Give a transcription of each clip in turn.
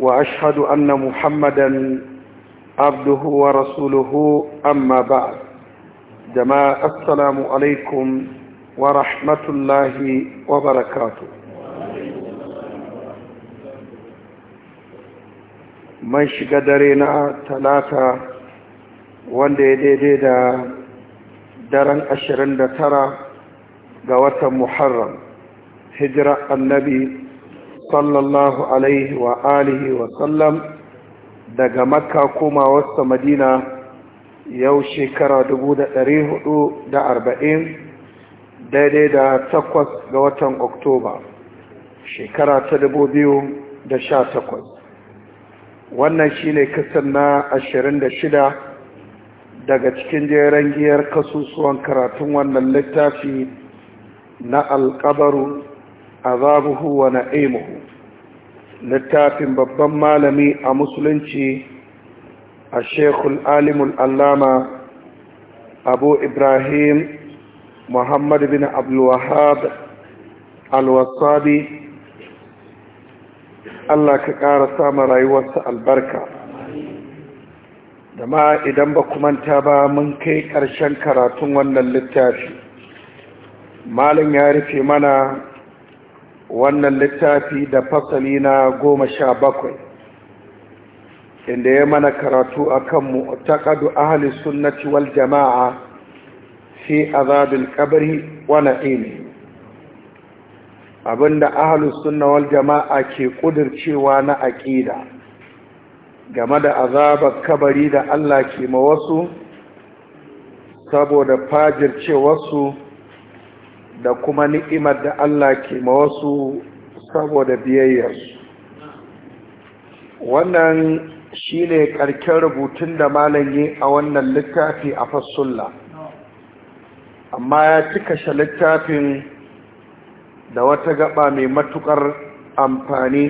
وأشهد أن محمدا عبده ورسوله أما بعد جماعة السلام عليكم ورحمة الله وبركاته من شقدرنا ثلاثة وان دي دي دي دا daren 29 ga watan Muharram hijira annabi sallallahu alaihi wa alihi wa sallam daga makka komawarsa madina yau shekara da arba'in daidai da takwas ga watan oktoba shekara ta da sha takwas. wannan shine kasan na ashirin da shida daga cikin jerin giyar kasusuwan karatun wannan littafi na alkabaru azabuhu wa na'imuhu littafin babban malami a musulunci a shekul alimul allama abu ibrahim muhammad bin abdulwahab alwasabi allah ka ƙara sama rayuwarsa albarka da ma idan ba manta ba mun kai ƙarshen karatun wannan littafi malin ya rufe mana wannan littafi da fasali na goma sha bakwai inda ya mana karatu a kan mu'taƙadu ahli sunnati wal jama'a fi zabin ƙabari wani na'imi abinda ahli sunna wal jama'a ke ƙudurcewa na aƙida game da azabar kabari da Allah ke ma wasu saboda fajircewarsu wasu da kuma ni'imar da Allah ke ma wasu saboda biyayyarsu wannan shi ne ƙarƙen rubutun da malam yi a wannan littafi a Fasulla, amma ya cika shi littafin da wata gaba mai matuƙar amfani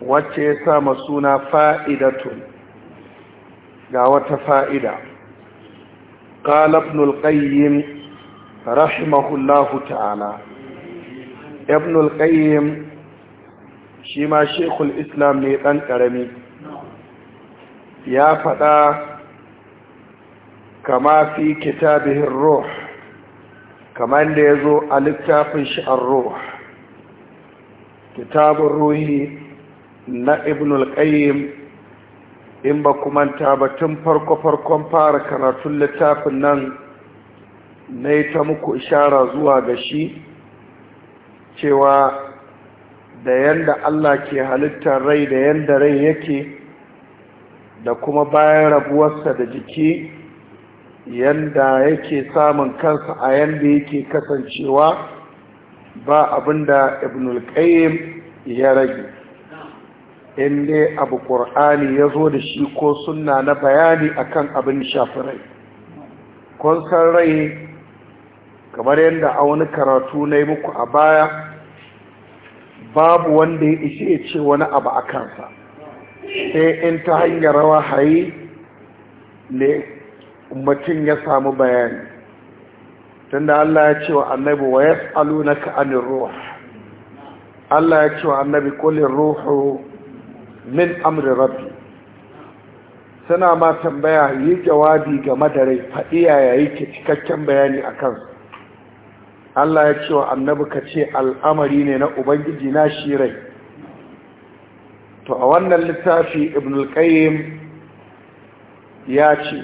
wacce ya ma suna fa'idatun ga wata fa'ida ƙalafnul ƙayyin rahimahullahu ta'ala ibn al-qayyim shi ma shekul islam ne ɗan ƙarami ya faɗa kama fi kitabihin ruh kamar da ya zo a littafin shi'ar ruh kitabun ruhi na ibn qayyim in ba kumanta ba tun farko-farkon fara karatun littafin nan na yi ta muku ishara zuwa ga shi cewa da yanda Allah ke halittar rai da yanda rai yake da kuma bayan rabuwarsa da jiki yanda yake samun kansa a yanda yake kasancewa ba abinda ibnul qayyim ya rage in dai abu ƙur'ani ya zo da shi ko sunna na bayani akan abin shafi rai kun san rai kamar yadda a wani karatu na yi muku a baya babu wanda ya ishe ya ce wani abu a kansa sai in ta hanyar rawa hayi ne mutum ya samu bayani tunda Allah ya ce wa annabi wa na ka'anin ruwa Allah ya ce wa annabi kolin ruhu min amri rabi suna ma tambaya yi jawabi game da rai ya yi cikakken bayani a kansu Allah ya ce wa annabi ka ce al'amari ne na ubangiji na shi rai to a wannan littafi ibn al-qayyim ya ce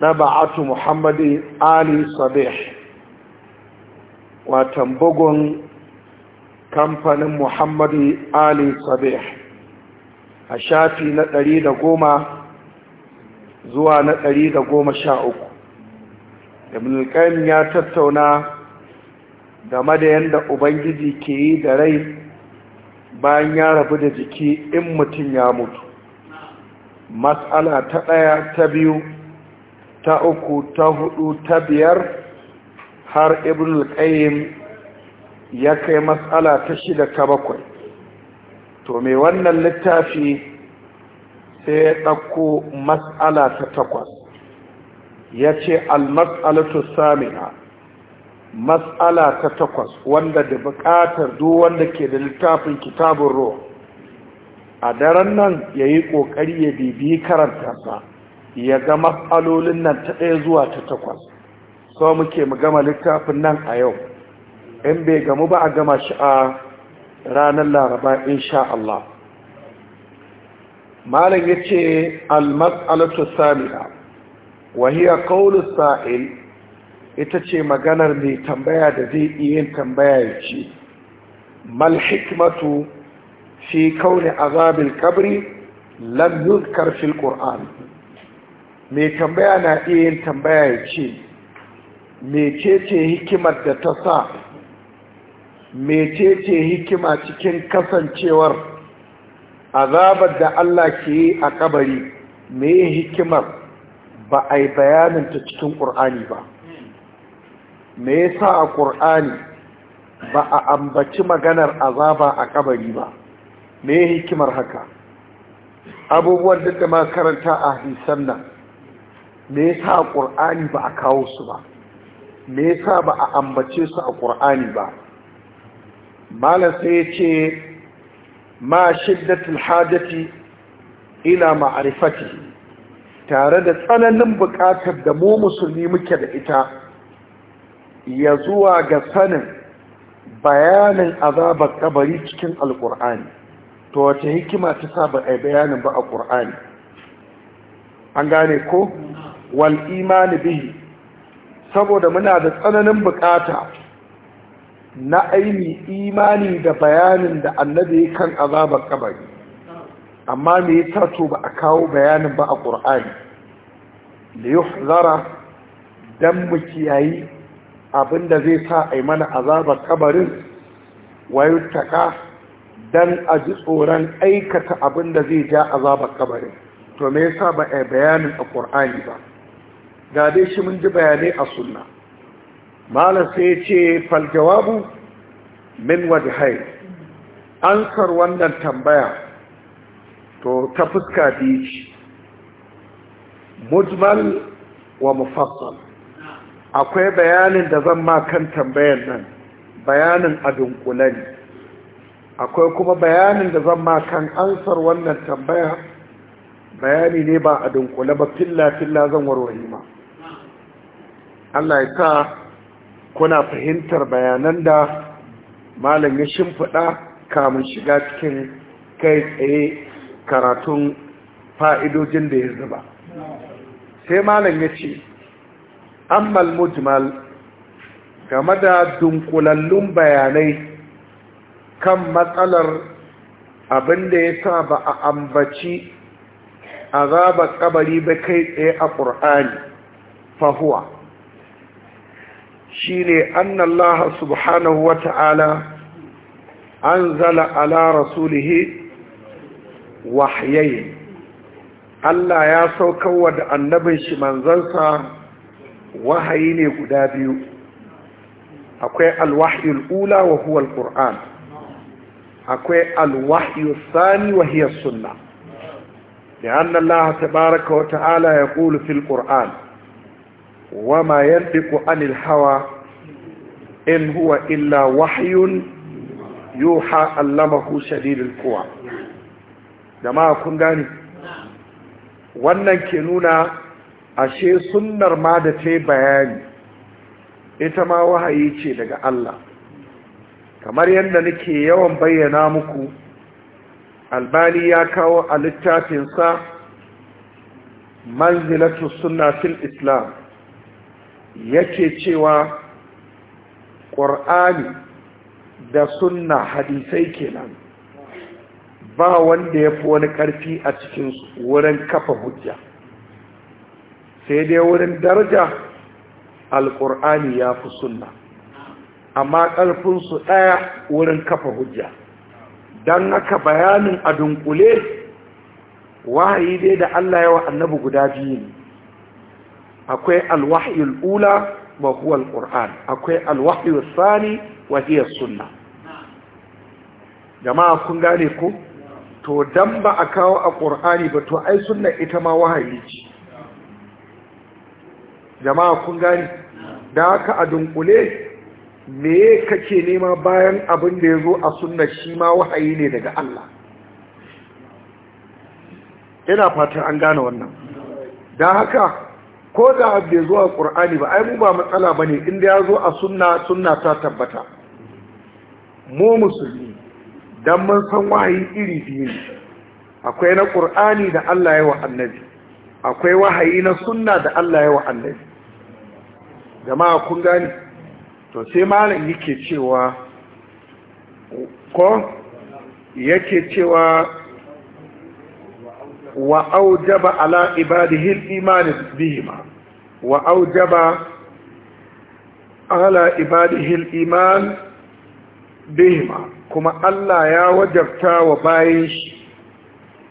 ba'atu muhammadu ali sabih watan bugun kamfanin muhammadu ali sabih a shafi na ɗari da goma zuwa na ɗari da goma sha uku ibn al-qayyim ya tattauna game da yadda ubangiji ke yi da rai bayan ya rabu da jiki in mutum ya mutu matsala ta ɗaya ta biyu ta uku ta hudu ta biyar har ibn al ya kai matsala ta shida ta bakwai to mai wannan littafi sai ya ɗauko matsala ta takwas ya ce al-matsalatu sami'a matsala ta takwas wanda da buƙatar duk wanda ke da littafin kitabun ruwa a daren nan ya yi ƙoƙari ya bibiyi karanta sa ya ga matsalolin nan ta ɗaya zuwa ta takwas sau muke mu gama littafin nan a yau in bai gamu ba a gama shi a ranar laraba insha Allah malam ya ce al-mas'alatu samira wa hiya qawlu sa'il ita ce maganar mai tambaya da zai iya tambaya ya ce mal hikmatu fi kauni azabin kabri lam yuzkar fil mai tambaya na iya yin tambaya ya ce mecece hikimar da ta sa mecece hikima cikin kasancewar azabar da Allah ke yi a kabari mai hikimar ba a yi bayaninta cikin ƙur'ani ba me yasa a ƙur'ani ba a ambaci maganar azaba a kabari ba me hikimar haka abubuwan duk da makaranta a hadisan nan me yasa a ƙur'ani ba a kawo su ba me yasa ba a ambace su a ƙur'ani ba malam sai ya ce ma shiddatul hajati ila ma'rifati tare da tsananin bukatar da mu musulmi muke da ita ya zuwa ga sanin bayanin azabar kabari cikin alkur'ani to wace hikima ta saba a bayanin ba a ƙur'ani an gane ko wal imani bihi saboda muna da tsananin bukata na aini imani da bayanin da annabi kan azabar kabari amma me yasa to ba a kawo bayanin ba a ƙur'ani da zara dan mu kiyayi abinda zai sa a mana azabar kabarin wayo taka dan a ji tsoron aikata abinda zai ja azabar kabarin to me yasa ba a bayanin a ƙur'ani ba ga dai shi mun ji bayanai a sunna malam sai ya ce faljawabu min wajhai ansar wannan tambaya to ta fuska biyu mujmal wa mufassal akwai bayanin da zan ma kan tambayan nan bayanin a dunkule ne akwai kuma bayanin da zan ma kan ansar wannan tambaya bayani ne ba a dunkule ba filla-filla zan warware ma Allah ya ta kuna fahimtar bayanan da malam ya shimfiɗa kamun shiga cikin kai tsaye karatun fa'idojin da ya zuba sai malam ya ce ammal mujmal game da dunkulallun bayanai kan matsalar abinda ya sa ba a ambaci azabar kabari ba kai tsaye a ƙur'ani fahuwa shi ne annallaha subhanahu wa ta'ala an zala ala rasulihi wahayayi Allah ya saukarwa da annabin shi manzansa wahayi ne guda biyu akwai alwahyul ula wa huwa al’ur’an akwai alwahyu sani wa hiyar suna da annan lahata baraka wa ta’ala ya ƙulu fil ƙur’an wa ma yanɗi ƙu’anil hawa in huwa illa wahayun yuha allamahu shadidin kuwa jama'a kun gani wannan ke nuna ashe sunnar ma da ta bayani ita ma wahayi ce daga Allah kamar yadda nake yawan bayyana muku albani ya kawo a littafinsa manzilatu sunna fil islam yake cewa ƙur'ani da sunna hadisai kenan ba wanda ya fi wani ƙarfi a cikin wurin kafa hujja sai dai wurin daraja alkur'ani ya fi sunna amma ƙarfinsu ɗaya wurin kafa hujja don haka bayanin a dunkule wahayi dai da Allah yawa annabi guda biyu ne akwai alwahiyul ula ba kuwa alkur'an akwai alwahiyul sani wa sunna jama'a kun gane ku? to don ba a kawo a ƙur'ani ba to ai sunna ita ma wahayi ce jama'a kun gani da haka a dunkule me kake nema bayan abin da ya zo a sunna shi ma wahayi ne daga Allah ina fatan an gane wannan da haka ko da bai zo a ƙur'ani ba ai mu ba matsala ba ne inda ya zo a sunna sunna ta tabbata mu musulmi don mun san wahayi iri biyu akwai na ƙur'ani da Allah ya wa annabi akwai wahayi na sunna da Allah ya wa annabi jama'a kun gani to sai malam yake cewa ko yake cewa wa aujaba ala ibadihi al-iman bihima wa aujaba ala ibadihi al-iman bihima kuma Allah ya wajabta wa bayin shi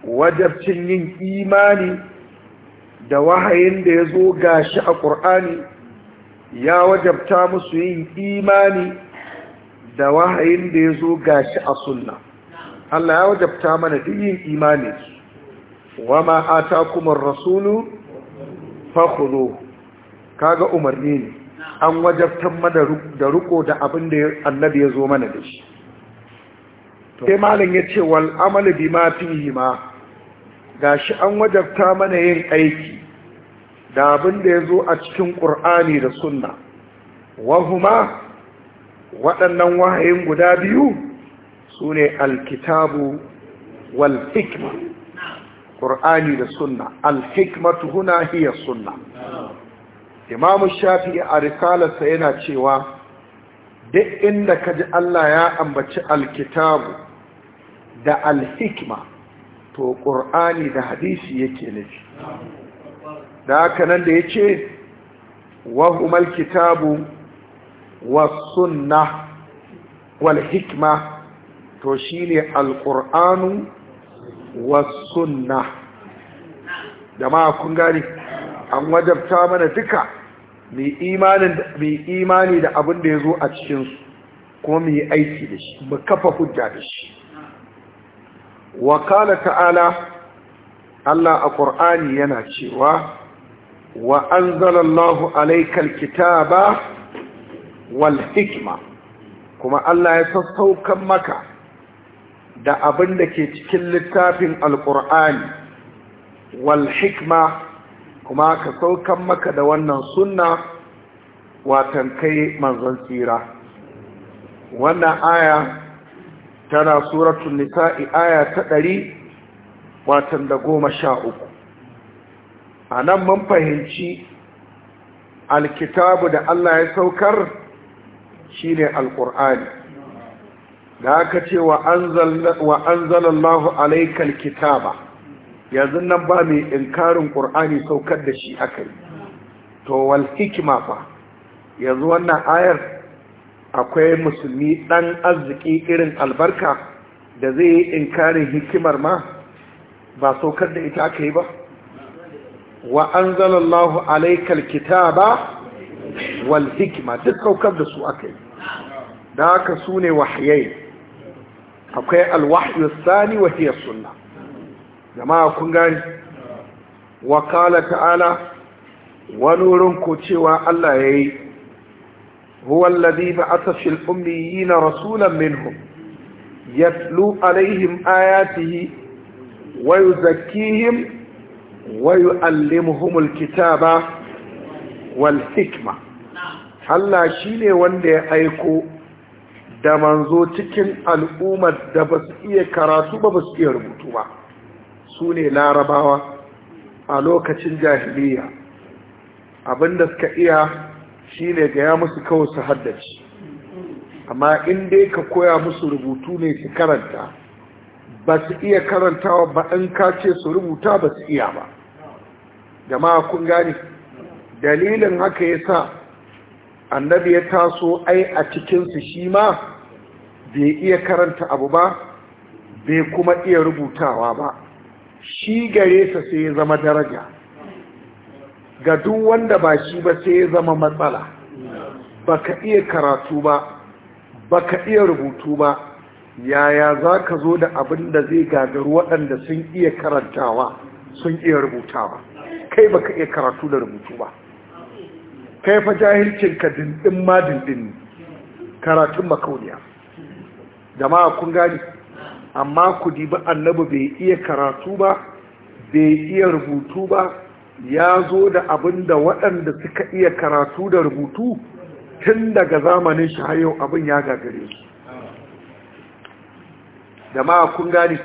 wajabcin yin imani da wahayin da ya zo gashi a ƙur'ani ya wajabta musu yin imani da wahayin da ya zo gashi a sunna Allah ya wajabta mana duk yin imani wa ma atakum ar-rasulu fakhudhu kaga umarni ne an wajabta mana da ruko da abin da annabi ya zo mana da shi sai malam ya ce wal amalu bima fihi ma gashi an wajabta mana yin aiki da abin da ya zo a cikin ƙur'ani da sunna wahuma waɗannan wahayin guda biyu su ne alkitabu wal hikma ƙur'ani da sunna alhikmatu huna hiya sunna imamu shafi a risalarsa yana cewa duk inda ka ji allah ya ambaci alkitabu da alhikma to ƙur'ani da hadisi yake nufi da haka nan da ya ce wahumal kitabu wasunna wal hikma to shi ne alƙur'anu wasunna jama'a kun gani an wajabta mana duka mai imani da abin da ya zo a cikinsu kuma mai aiki da shi mu kafa hujja da shi wakala ta'ala Allah a ƙur'ani yana cewa wa anzalallahu alaikal kitaba wal hikma kuma Allah ya sassaukan maka da abin da ke cikin littafin alkur'ani wal hikma kuma ka saukan maka da wannan sunna watan kai manzon tsira wannan aya tana suratun nisa'i aya ta ɗari watan da goma sha uku a nan mun fahimci alkitabu da Allah ya saukar shi ne alƙur'ani da aka ce wa an zalallahu alaikal kitaba yanzu nan ba mai inkarin ƙur'ani saukar da shi aka yi to wal hikima fa yanzu wannan ayar akwai musulmi ɗan arziki irin albarka da zai yi inkarin hikimar ma ba saukar da ita aka yi ba وأنزل الله عليك الكتاب والحكمة تتوكب لسوء أكيد داك سوني وحيين أوكي الوحي الثاني وهي السنة جماعة كنغاني وقال تعالى ونور كتوى الله هو الذي بعث في الأميين رسولا منهم يتلو عليهم آياته ويزكيهم kitaba wal hikma. Allah shi ne wanda ya aiko da manzo cikin al'ummar da ba su iya karatu ba ba su iya rubutu ba su ne larabawa a lokacin jahiliya abinda suka iya shi ne gaya musu kawai su haddace amma in dai ka koya musu rubutu ne su karanta ba su iya karantawa ba in ka ce su rubuta ba su iya ba jama'a kun gani dalilin haka ya sa annabi ya taso ai a cikinsu shi ma bai iya karanta abu ba bai kuma iya rubutawa ba shi gare sa sai ya zama daraja ga duk wanda ba shi ba sai ya zama matsala baka iya karatu ba baka iya rubutu ba yaya za ka zo da abin da zai gagaru waɗanda sun iya karantawa sun iya rubutawa kai ba ka iya karatu da rubutu ba kai fa jahilcinka dindin ma dindin karatun makauniya jama'a kun gani amma ku ba annabi bai iya karatu ba bai iya rubutu ba ya zo da abin da waɗanda suka iya karatu da rubutu tun daga zamanin shi har yau abin ya gagare su jama'a kun gani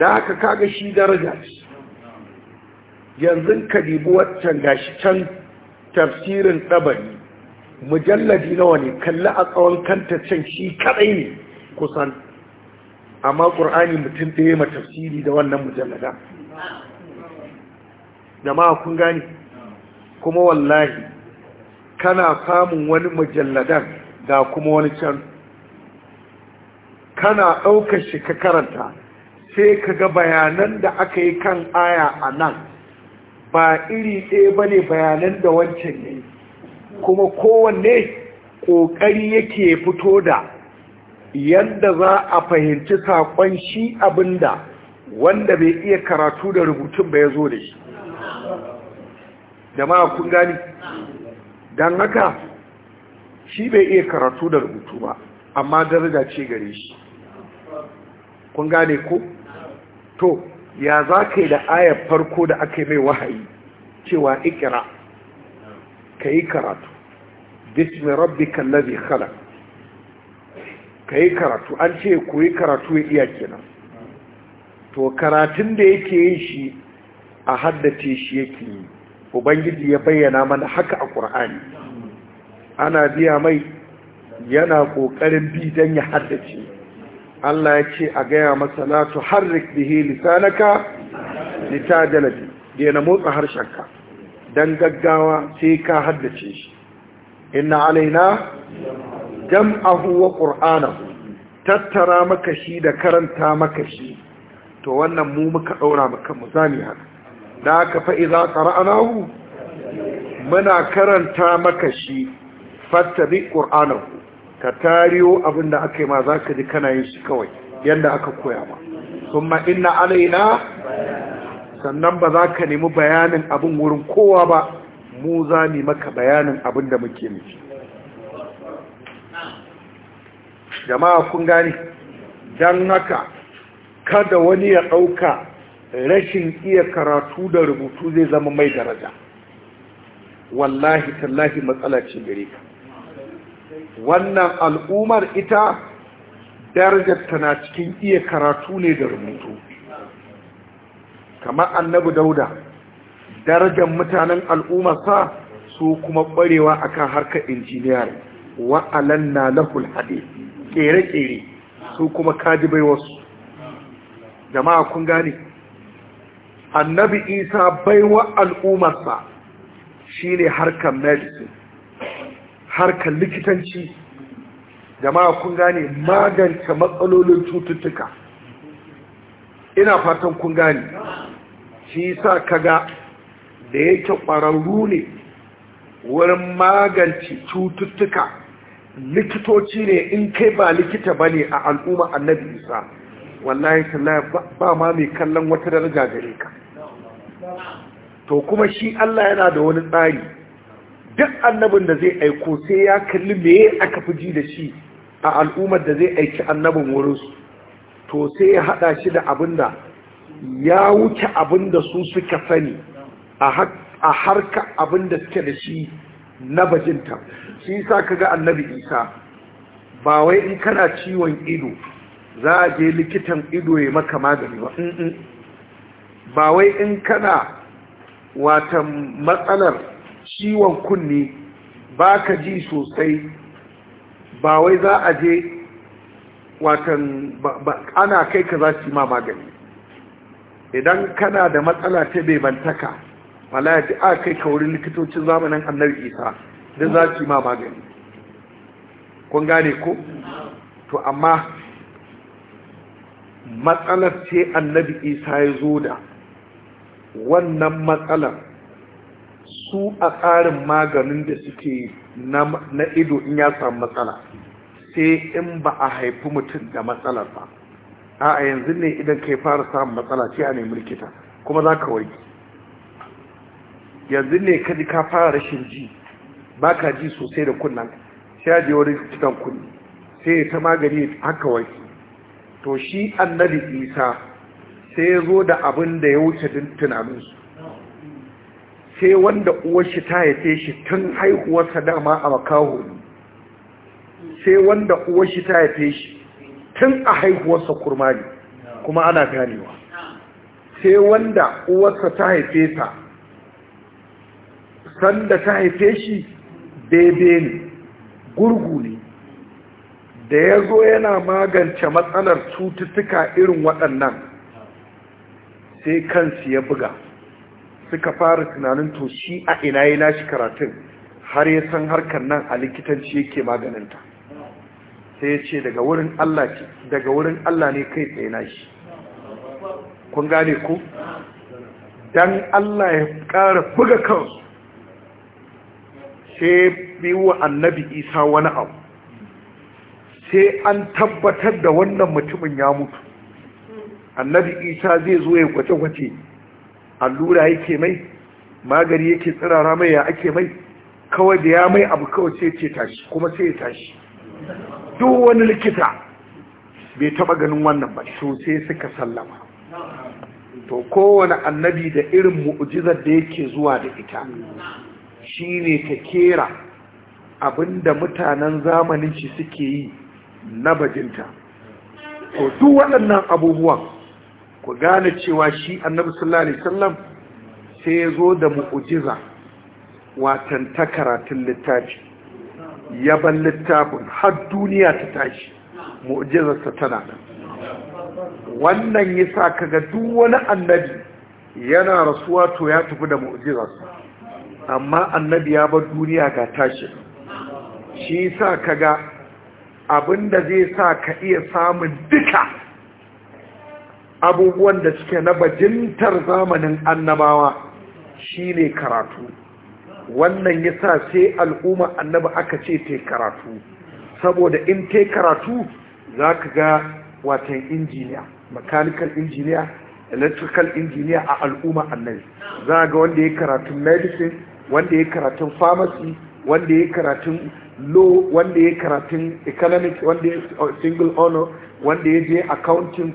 da aka kaga shi daraja yanzu ka dibi waccan gashi can tafsirin tsabari mujalladi nawa ne kalli a tsawon kanta can shi kadai ne kusan amma ƙur'ani mutum ɗaya ma tafsiri da wannan mujallada jama'a kun gani kuma wallahi kana samun wani mujalladan da kuma wani can kana ɗaukar shi ka karanta sai ka ga bayanan da aka yi kan aya a nan ba iri ɗaya ba ne bayanan da wancan ne kuma kowanne ƙoƙari yake fito da yadda za a fahimci saƙon shi abinda wanda bai iya karatu da rubutun ba ya zo da shi jama'a kun gani don haka shi bai iya karatu da rubutu ba amma daraja ce gare shi kun gane ko to ya za ka yi da ayar farko da aka yi mai wahayi cewa ikira ka yi karatu bismi rabbi kallabi khala ka yi karatu an ce ku yi karatu ya iya kenan to karatun da yake yin shi a haddace shi yake yi ubangiji ya bayyana mana haka a ƙur'ani ana biya mai yana ƙoƙarin bi don ya haddace Allah ya ce a gaya masa la tu harrik bihi lisanaka litadala bi dena motsa harshenka dan gaggawa sai ka haddace shi inna alaina jam'ahu wa qur'anahu tattara maka shi da karanta maka shi to wannan mu muka daura maka musami haka da aka fa idza qara'nahu muna karanta maka shi fattabi qur'anahu ka tariyo abin da aka yi ma za ka ji kana yin shi kawai yadda aka koya ma kuma inna alaina sannan ba za ka nemi bayanin abin wurin kowa ba mu za ni maka bayanin abin da muke nufi jama'a kun gani don haka kada wani ya ɗauka rashin iya karatu da rubutu zai zama mai daraja wallahi tallahi matsala ce gare ka wannan al'umar ita darajar tana cikin iya karatu ne da rubutu kamar annabi dauda darajar mutanen al'ummarsa su kuma a akan harkar injiniyar wa'alan na lahul haɗe ƙere-ƙere su kuma kajibai wasu jama'a kun gane annabi isa baiwa al'ummarsa ne harkar medicine harkar likitanci jama'a kun gane magance matsalolin cututtuka ina fatan kun gane shi sa kaga da yake ƙwararru ne wurin magance cututtuka likitoci ne in kai ba likita ba ne a al'umma annabi isa wallahi tallahi ba ma mai kallon wata daraja gare ka to kuma shi Allah yana da wani tsari duk annabin da zai aiko sai ya kalli me aka fi ji da shi a al'ummar da zai aiki annabin wurinsu to sai ya haɗa shi da abin da ya wuce abin da su suka sani a harka abin da suke da shi na bajinta shi sa ka ga annabi isa ba wai in kana ciwon ido za a je likitan ido ya maka magani ba ba wai in kana watan matsalar ciwon kunne ba ka ji sosai ba wai za a je watan ana kai ka za su ma magani idan kana da matsala ta bebantaka malayaji a kai ka wurin likitocin zamanin annabi isa da za su ma magani kun gane ko to amma matsalar ce annabi isa ya zo da wannan matsalar su a tsarin maganin da suke na ido in ya samu matsala sai in ba a haifi mutum da matsalar ba a yanzu ne idan kai fara samun matsala ce a nemi likita kuma za ka warke yanzu ne ka ka fara rashin ji ba ka ji sosai da kunnan sai a je cikin kunni sai ta magani haka warke to shi annabi isa sai ya zo da abin da ya wuce tunaninsu sai wanda uwar shi ta haife shi tun haihuwarsa dama a makaho ne sai wanda uwar shi ta haife shi tun a haihuwarsa kurma ne kuma ana ganewa sai wanda uwarsa ta haife ta sanda ta haife shi bebe ne gurgu ne da ya zo yana magance matsalar cututtuka irin waɗannan sai kansu ya buga suka fara tunanin to shi a ina ya nashi karatun har ya san harkar nan a likitanci yake maganinta sai ya ce daga wurin Allah ne kai tsaye nashi kun gane ku Don Allah ya ƙara buga kawai sai biyu wa annabi isa wani abu sai an tabbatar da wannan mutumin ya mutu annabi isa zai zo ya kwace-kwace allura yake mai magani yake tsirara mai ya ake mai kawai da ya mai abu kawai sai ce tashi kuma sai ya tashi duk wani likita bai taba ganin wannan ba to sai suka sallama to kowane annabi da irin mu'ujizar da yake zuwa da ita shine ta kera abinda mutanen zamanin shi suke yi na bajinta to duk waɗannan abubuwan ku gane cewa shi annabi sallallahu alaihi wasallam sai ya zo da mu'jiza watan ta karatun littafi yaban littafin har duniya ta tashi mu'ujizarsa tana nan wannan ya sa kaga duk wani annabi yana rasuwa to ya tafi da mu'ujizarsa amma annabi ya bar duniya ga tashi shi sa kaga abinda zai sa ka iya samun duka abubuwan da suke na bajintar zamanin annabawa shine karatu wannan yasa sai al'umma annaba aka ce ta karatu saboda in ta karatu za ka ga watan injiniya mechanical injiniya, electrical injiniya a al'umma annabi za ga wanda ya karatun medicine wanda ya karatun pharmacy wanda ya karatun law wanda ya karatun economic, wanda ya single honor wanda ya je accounting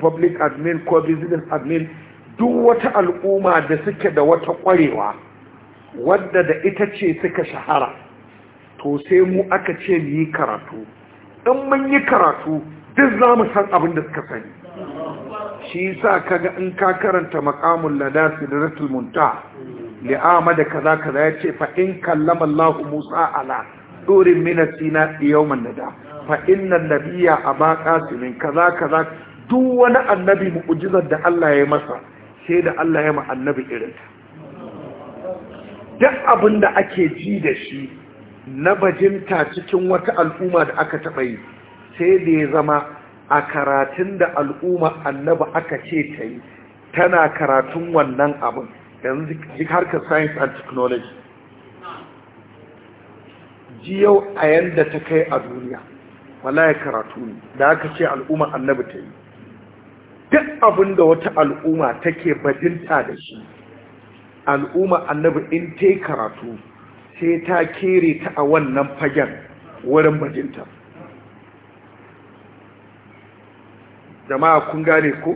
public admin ko business admin duk wata al'umma da suke da wata kwarewa wadda da ita ce suka shahara to sai mu aka ce mu yi karatu in mun yi karatu duk za mu san abin da suka sani shi sa kaga in ka karanta makamun da ratul munta li'ama da kaza kaza ya ce fa in kallama Allah Musa ala durin min sina yawman nada fa inna nabiyya aba qasimin kaza kaza duk wani annabi mu'jizar da Allah ya masa sai da Allah ya ma annabi irin ta. duk abin da ake ji da shi na bajinta cikin wata al'umma da aka taba yi sai da ya zama a karatun da al'umma annabi aka ce ta yi tana karatun wannan abin yanzu duk harkar science and technology yau a yadda ta kai a duniya wallahi karatu ne da aka ce al'umma annabi ta yi duk abin wata al'umma take bajinta da shi al'umma annabi in ta yi karatu sai ta kere ta a wannan fagen wurin bajinta jama'a kun gane ko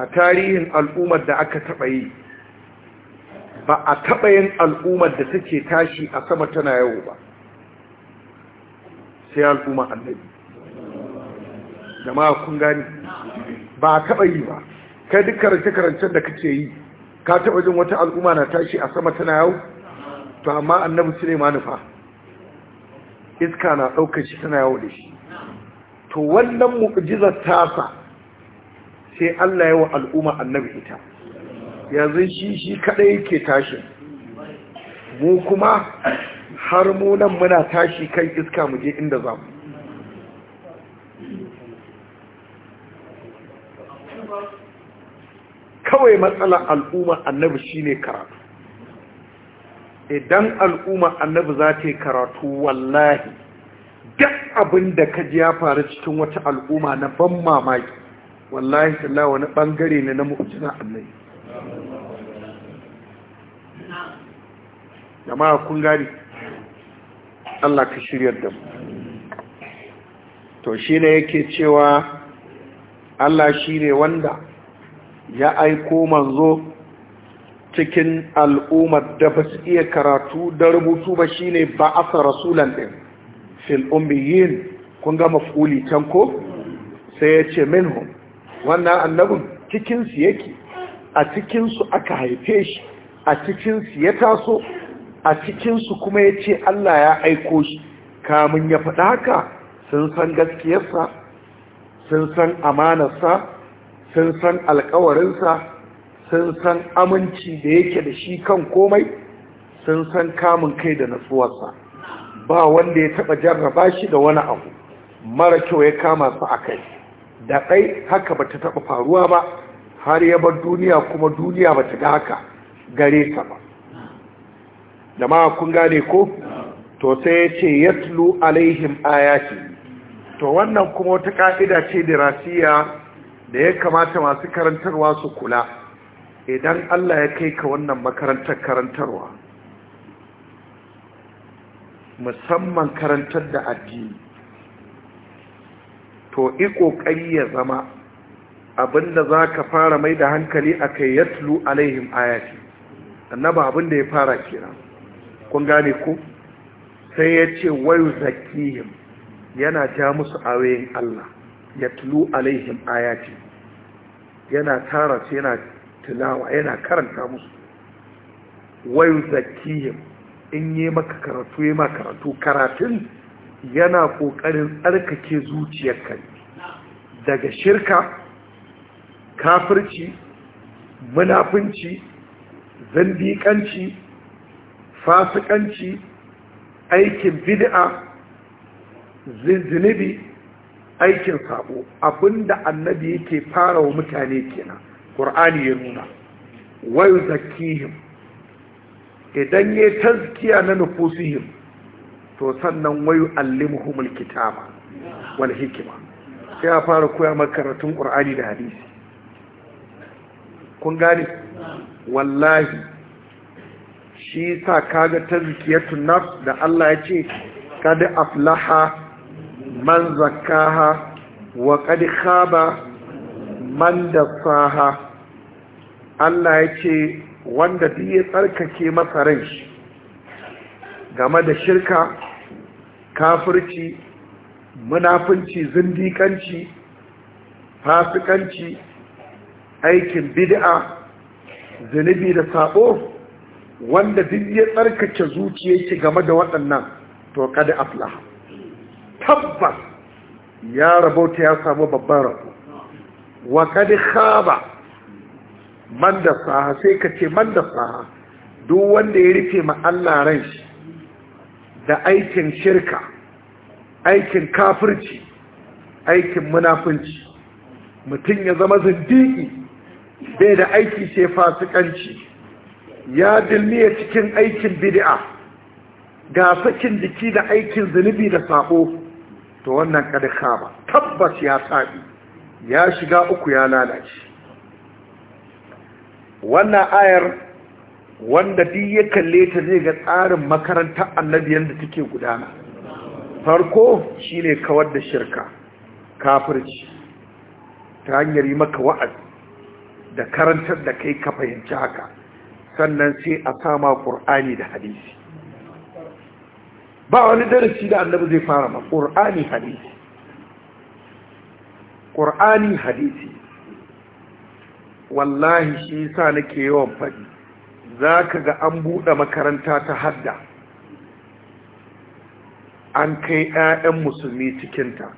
a tarihin al'ummar da aka taɓa yi ba a taɓa yin al'ummar da take tashi a sama tana yau ba sai al'ummar annabi jama'a kun gani ba a taɓa yi ba kai duk karance-karancen da kake yi ka taɓa jin wata al'umma na tashi a sama tana yau? to amma annabi su ne manufa iska na ɗaukar shi tana yawo da shi to wannan mu'jizar tasa sai Allah ya wa al'umma annabi ita yanzu shi shi kaɗai yake tashi mu kuma har munan muna tashi kan iska muje inda za mu kawai matsalar al'umma annabi shine karatu idan al'umma annabi za ta yi karatu wallahi duk abin da ka ji ya faru cikin wata al'umma na ban mamaki wallahi sallah wani bangare ne na mu'jizar annabi jama'a kun gari, Allah ka shiryar da to shi ne yake cewa Allah shi ne wanda ya aiko manzo cikin al'ummar da ba su iya karatu da rubutu ba shi ne ba asa rasulan ɗin yin kun gama fuli can ko sai ya ce minhum wannan annabin cikinsu yake a cikinsu aka haife shi a cikinsu ya taso a cikinsu kuma ya ce Allah ya aiko shi kamun ya faɗa haka sun san gaskiyarsa sun san amanarsa sun san alkawarinsa sun san aminci da yake da shi kan komai sun san kamun kai da nasuwarsa. ba wanda ya taɓa jarraba shi da wani abu mara kyau ya kama su a kai da ɗai haka ba ta taɓa faruwa ba har ya bar duniya kuma duniya ba ta ga haka gare ta ba jama'a kun gane ko to sai ya ce yatlu alaihim ayati to wannan kuma wata ka'ida ce da dirasiya da ya kamata masu karantarwa su kula idan Allah ya kai ka wannan makarantar karantarwa musamman karantar da addini to ƙoƙari ya zama abinda za ka fara mai da hankali a kai yatlu alaihim ayati annaba abinda ya fara kiran kun gane ku sai ya ce wayu zakihim yana ja musu awayin Allah ya tulu alaihim ayati yana tara su yana tilawa yana karanta musu wayu zakihim in yi maka karatu yi maka karatu karatun yana kokarin tsarkake zuciyarka daga shirka kafirci munafunci zambikanci fasikanci aikin bid'a zinzinibi aikin sabo abinda annabi yake fara wa mutane kenan ƙur'ani ya nuna wa zakihim idan ya tazkiya na nufusihim to sannan alli allimuhumul kitaba wal hikima sai ya fara koya makaratun ƙur'ani da hadisi kun gane wallahi shi sa kaga tazkiyatu nafs da Allah ya ce kad aflaha man zakkaha wa kad khaba man dassaha Allah ya ce wanda duk ya tsarkake masa ran shi game da shirka kafirci munafunci zindikanci fasikanci aikin bid'a zunubi da sabo wanda duk ya tsarkace zuciyarki game da waɗannan to kada afla. tabbas ya rabauta ya samu babban rabo wa kada khaba man da saha sai ka ce man da saha duk wanda ya rufe ma Allah ran shi da aikin shirka aikin kafirci aikin munafunci mutum ya zama zindiki bai da aiki ce fasikanci ya dilmiya cikin aikin bid'a ga sakin jiki da aikin zunubi da sabo to wannan kada ba. tabbas ya sabi ya shiga uku ya lalace wannan ayar wanda duk ya kalle ta zai ga tsarin makarantar annabi da take gudana farko shine kawar da shirka kafirci ta hanyar yi maka wa'azi da karantar da kai ka fahimci haka sannan sai a sama ƙur'ani da hadisi ba wani darasi da annabi zai fara ma ƙur'ani hadisi ƙur'ani hadisi wallahi shi sa nake yawan faɗi za ka ga an buɗe makaranta ta hadda an kai 'ya'yan musulmi cikinta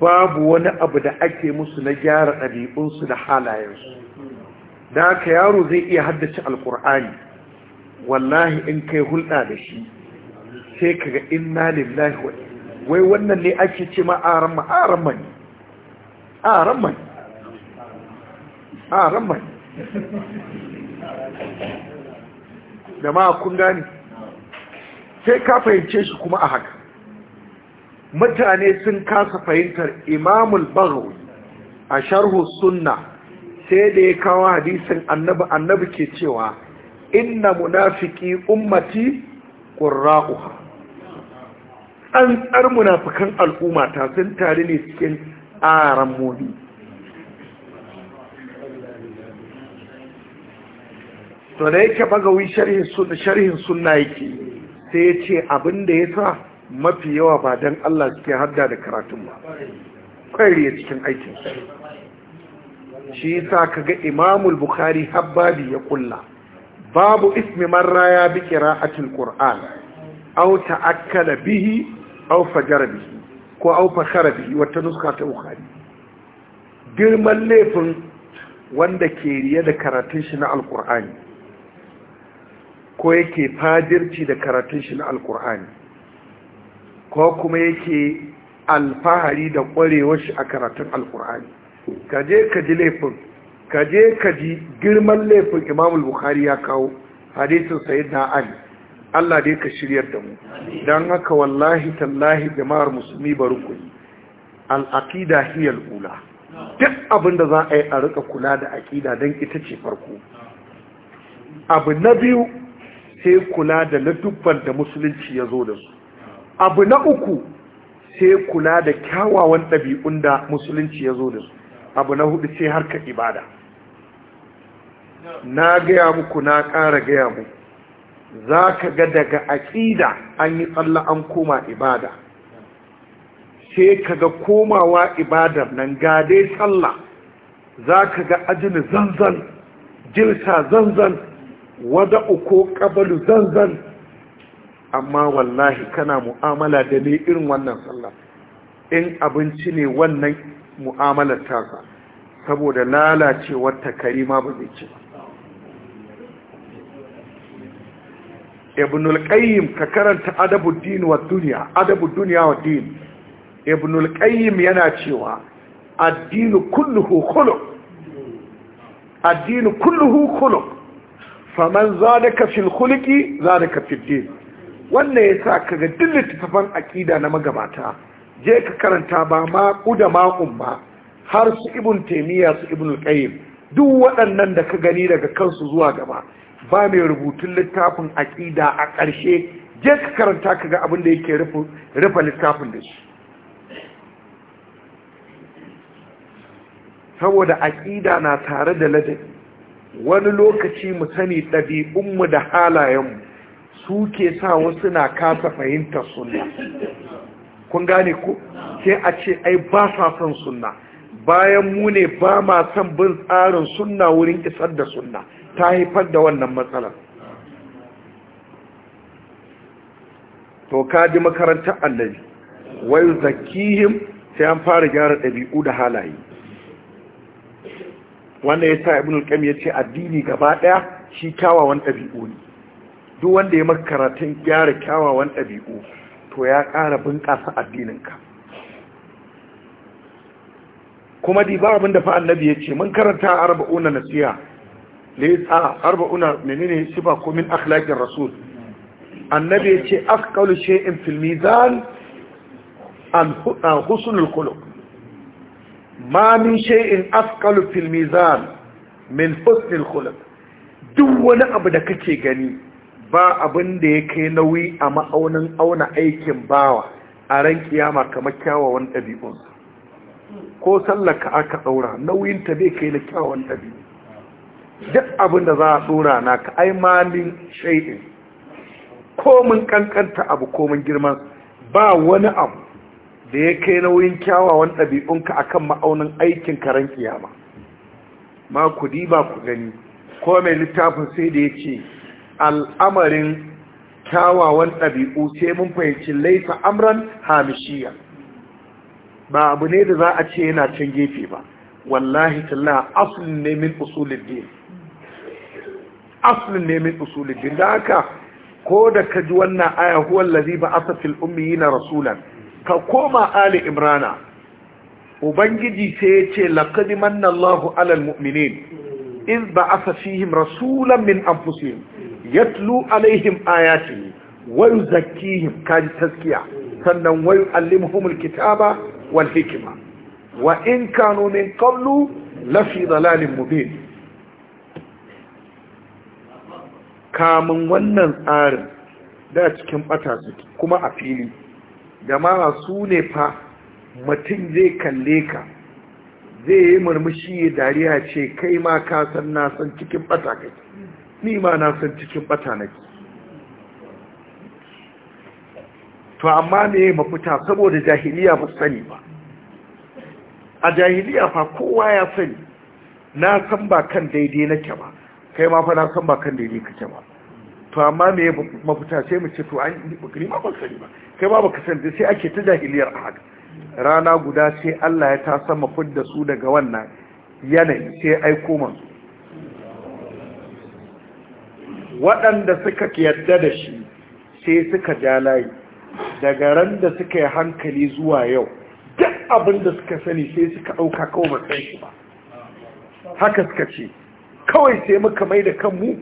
babu wani abu da ake musu na gyara ɗabi'unsu da halayensu da aka yaro zai iya haddace alkur'ani wallahi in kai hulɗa da shi sai kaga inna lillahi wa wai wannan ne ake ce ma aramma aramma ne aramma ne aramma ne da ma kun gani sai ka fahimce shi kuma a haka mutane sun kasa fahimtar imamul bagawi a sharhu sunna sai da ya kawo hadisin annabi annabi ke cewa inna munafiki ummati qurra'uha an tsar munafikan al'umma ta sun tare ne cikin aran mobi to da yake bagawi sharhin sunna sharhin sunna yake sai ya ce abin da yasa mafi yawa ba dan Allah suke hadda da karatun ba kwari cikin aikin shi yasa ga imamul bukhari habbabi ya kulla babu ismi man raya bi qira'atil qur'an aw ta'akkala bihi aw fajar bihi ko aw fakhara bihi wata nuska ta bukhari girman laifin wanda ke riya da karatun shi na alqur'ani ko yake fadirci da karatun shi na alqur'ani ko kuma yake alfahari da ƙwarewashi shi a karatun alkur'ani ka je ka ji laifin kaje girman laifin imamul bukhari ya kawo hadisin sayyidina ali Allah dai ka shiryar da mu dan haka wallahi tallahi jama'ar musulmi bari ku Al-aqida hiya al'ula duk abin da za a yi a rika kula da aqida dan ita ce farko abu na biyu sai kula da na dubban da musulunci ya zo da su abu na uku sai kula da kyawawan ɗabi'un da musulunci ya zo da su abu na hudu ce harka ibada na gaya muku na ƙara gaya muku za ka ga daga aƙida an yi tsalla an koma ibada sai ka ga komawa ibadar nan gade tsalla za ka ga ajin zanzan jirsa zanzan wada uko ƙabalu zanzan amma wallahi kana mu'amala da ne irin wannan tsalla in abinci ne wannan mu'amalar tasa saboda lalacewar takari ma ba zai ci ibnul qayyim ka karanta adabu din wa dunya adabu dunya wa din ibnul qayyim yana cewa addinu kulluhu khulu addinu kulluhu khuluq faman zadaka fil khuluqi zadaka fid din wannan yasa kaga duk tafan aqida na magabata je ka karanta ba ma kudama umma har su ibn taimiyya su ibn qayyim duk waɗannan da ka gani daga kansu zuwa gaba ba mai rubutun littafin aƙida a ƙarshe je ka karanta ka ga abin da yake rufe littafin da shi saboda aƙida na tare da ladabi wani lokaci mu sani ɗabi'unmu da halayen su ke sa wasu na kasa fahimtar sunna kun gane ku sai a ce ai ba sa son sunna bayan mu ne ba ma son bin tsarin sunna wurin isar da sunna ta haifar da wannan matsalar to ji makarantar annabi wai zakihim sai an fara gyara ɗabi'u da halaye wannan ya sa ibn al-qayyim ya ce addini gaba ɗaya shi kyawawan ɗabi'u ne duk wanda ya maka gyara kyawawan ɗabi'u to ya ƙara bunƙasa addininka kuma di ba abin da fa annabi ya ce mun karanta arba'una nasiha le a arba'una menene sifa ko min akhlaqir rasul annabi ya ce afqalu shay'in fil mizan an husnul khuluq ma min shay'in afqalu fil mizan min husnul khuluq duk wani abu da kake gani ba abin da ya kai nauyi a ma'aunin auna aikin bawa a ran kiyama kamar kyawawan ɗabi'unsa ko sallaka aka tsaura nauyinta bai kai na kyawun ɗabi duk abin da za a tsora na ka aimanin Ko komin kankanta abu komin girman ba wani abu da ya kai nauyin kyawawan ɗabi'unka a kan ma'aunin aikin karen kiyama ma ku diba ku gani ko mai littafin sai da ya ce al'amarin kyawawan ɗabi'u sai mun fahimci laifin amran hamishiyar ba abu ne da za a ce yana can gefe ba wallahi talla asulin ne min usulin din asulin ne min din da haka ko da ka ji wannan aya huwa allazi ba'atha fil ummiyina rasulan ka koma ali imrana ubangiji sai ya ce manna allahu alal mu'minin in ba'atha fihim rasulan min anfusihim yatlu alaihim ayatihi wa ka kaji taskiya sannan wa yu'allimuhumul kitaba wal hikima wa in kanu min qablu lafi dalalin mubin kamun wannan tsarin da cikin bata suke kuma a fili dama su ne fa mutum zai kalle ka zai yi murmushi ya dariya ce kai ma ka san na san cikin bata kai ni ma na san cikin bata nake to amma me mafita saboda jahiliya ba sani ba a jahiliya fa kowa ya sani na san ba kan daidai nake ba kai ma fa na san ba kan daidai kake ba to amma me mafita sai mu ce to an ni ma ba sani ba kai ma baka sani sai ake ta jahiliyar a haka rana guda sai Allah ya ta mafud da su daga wannan yanayi sai aiko manzo waɗanda suka yarda da shi sai suka ja layi daga ran da suka yi hankali zuwa yau duk abin da suka sani sai suka ɗauka kawai matsayin shi ba haka suka ce kawai sai muka mai da kanmu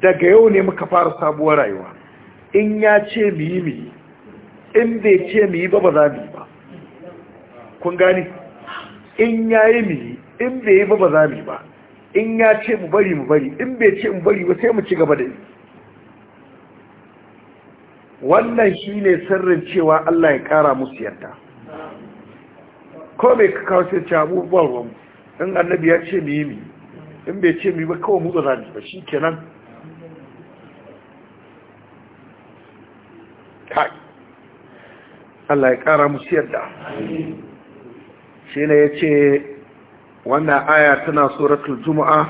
daga yau ne muka fara sabuwar rayuwa in ya ce mu yi mu yi in bai ce mu yi ba ba za mu yi ba kun gani in ya yi mu yi in bai yi ba ba za mu yi ba in ya ce mu bari mu bari in bai ce mu bari ba sai mu ci gaba da yi wannan shi ne sirrin cewa Allah ya ƙara musu yarda ko bai ka kawo sai ce abubuwan ruwan in annabi ya ce mi mi in bai ce mi ba kawai mu zana ba shi kenan Allah ya ƙara musu yarda shi ne ya ce wannan aya tana suratul juma'a